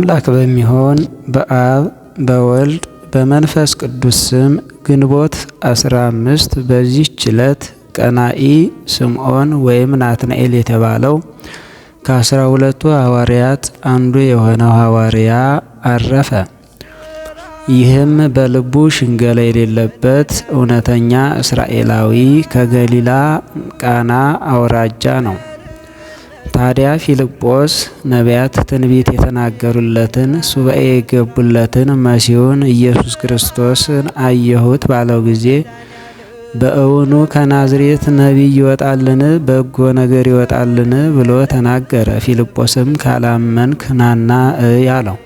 አምላክ በሚሆን በአብ በወልድ በመንፈስ ቅዱስ ስም ግንቦት 15 በዚህ ችለት ቀናኢ ስምዖን ወይም ናትናኤል የተባለው ከአስራ ሁለቱ ሐዋርያት አንዱ የሆነው ሐዋርያ አረፈ። ይህም በልቡ ሽንገላ የሌለበት እውነተኛ እስራኤላዊ ከገሊላ ቃና አውራጃ ነው። ታዲያ ፊልጶስ ነቢያት ትንቢት የተናገሩለትን ሱባኤ የገቡለትን መሲሁን ኢየሱስ ክርስቶስን አየሁት ባለው ጊዜ በእውኑ ከናዝሬት ነቢይ ይወጣልን? በጎ ነገር ይወጣልን? ብሎ ተናገረ። ፊልጶስም ካላመንክ ናና እይ አለው።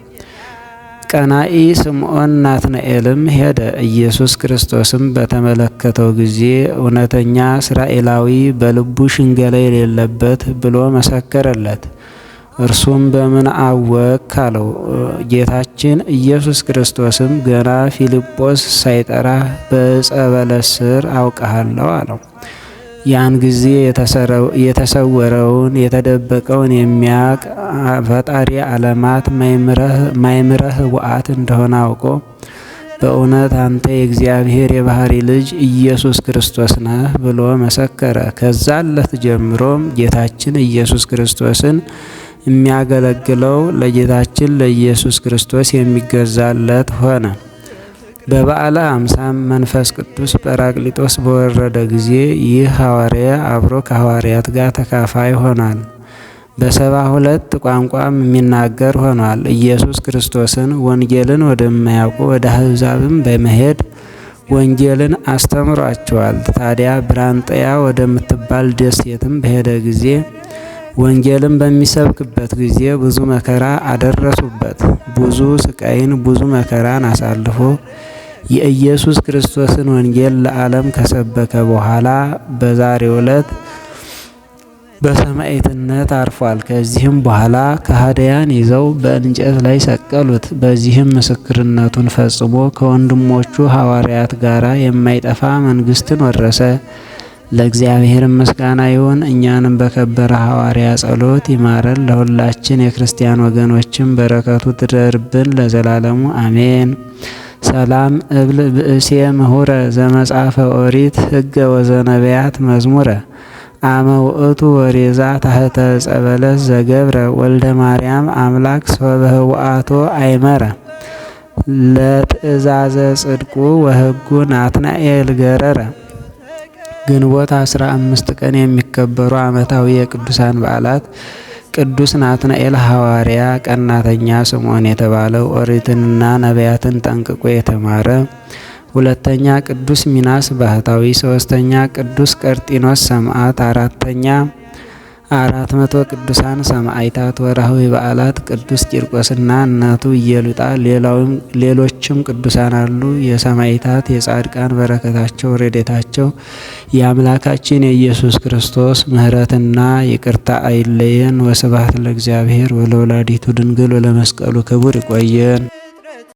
ቀናኢ ስምዖን ናትናኤልም ሄደ። ኢየሱስ ክርስቶስም በተመለከተው ጊዜ እውነተኛ እስራኤላዊ በልቡ ሽንገላ የሌለበት ብሎ መሰከረለት። እርሱም በምን አወክ አለው። ጌታችን ኢየሱስ ክርስቶስም ገና ፊልጶስ ሳይጠራህ በዕፀ በለስ ስር አውቅሃለሁ አለው። ያን ጊዜ የተሰወረውን የተደበቀውን የሚያቅ ፈጣሪ አለማት ማይምረህ ውአት እንደሆነ አውቆ በእውነት አንተ የእግዚአብሔር የባህሪ ልጅ ኢየሱስ ክርስቶስ ነህ ብሎ መሰከረ። ከዛ ዕለት ጀምሮም ጌታችን ኢየሱስ ክርስቶስን የሚያገለግለው ለጌታችን ለኢየሱስ ክርስቶስ የሚገዛለት ሆነ። በበዓለ ሃምሳም መንፈስ ቅዱስ ጰራቅሊጦስ በወረደ ጊዜ ይህ ሐዋርያ አብሮ ከሐዋርያት ጋር ተካፋይ ሆኗል። በሰባ ሁለት ቋንቋም የሚናገር ሆኗል። ኢየሱስ ክርስቶስን ወንጌልን ወደማያውቁ ወደ አሕዛብም በመሄድ ወንጌልን አስተምሯቸዋል። ታዲያ ብራንጠያ ወደምትባል ደሴትም በሄደ ጊዜ ወንጌልን በሚሰብክበት ጊዜ ብዙ መከራ አደረሱበት። ብዙ ስቃይን፣ ብዙ መከራን አሳልፎ የኢየሱስ ክርስቶስን ወንጌል ለዓለም ከሰበከ በኋላ በዛሬው ዕለት በሰማዕትነት አርፏል። ከዚህም በኋላ ከሃዲያን ይዘው በእንጨት ላይ ሰቀሉት። በዚህም ምስክርነቱን ፈጽሞ ከወንድሞቹ ሐዋርያት ጋር የማይጠፋ መንግስትን ወረሰ። ለእግዚአብሔር ምስጋና ይሁን። እኛንም በከበረ ሐዋርያ ጸሎት ይማረን። ለሁላችን የክርስቲያን ወገኖችን በረከቱ ትደርብን ለዘላለሙ አሜን። ሰላም እብል ብእሴ ምሁረ ዘመጻፈ ኦሪት ሕገ ወዘነቢያት መዝሙረ አመ ውእቱ ወሬዛ ታህተ ጸበለስ ዘገብረ ወልደ ማርያም አምላክ ሰበህውአቶ አይመረ ለትእዛዘ ጽድቁ ወሕጉ ናትናኤል ገረረ። ግንቦት አስራ አምስት ቀን የሚከበሩ ዓመታዊ የቅዱሳን በዓላት ቅዱስ ናትናኤል ሐዋርያ ቀናተኛ ስምዖን የተባለው ኦሪትንና ነቢያትን ጠንቅቆ የተማረ ሁለተኛ ቅዱስ ሚናስ ባህታዊ ሶስተኛ ቅዱስ ቀርጢኖስ ሰማዕት አራተኛ አራት መቶ ቅዱሳን ሰማዕታት ወርሃዊ በዓላት ቅዱስ ቂርቆስና እናቱ እየሉጣ ሌሎችም ቅዱሳን አሉ። የሰማዕታት የጻድቃን በረከታቸው ረድኤታቸው የአምላካችን የኢየሱስ ክርስቶስ ምሕረትና ይቅርታ አይለየን። ወስብሐት ለእግዚአብሔር ወለወላዲቱ ድንግል ወለመስቀሉ ክቡር። ይቆየን።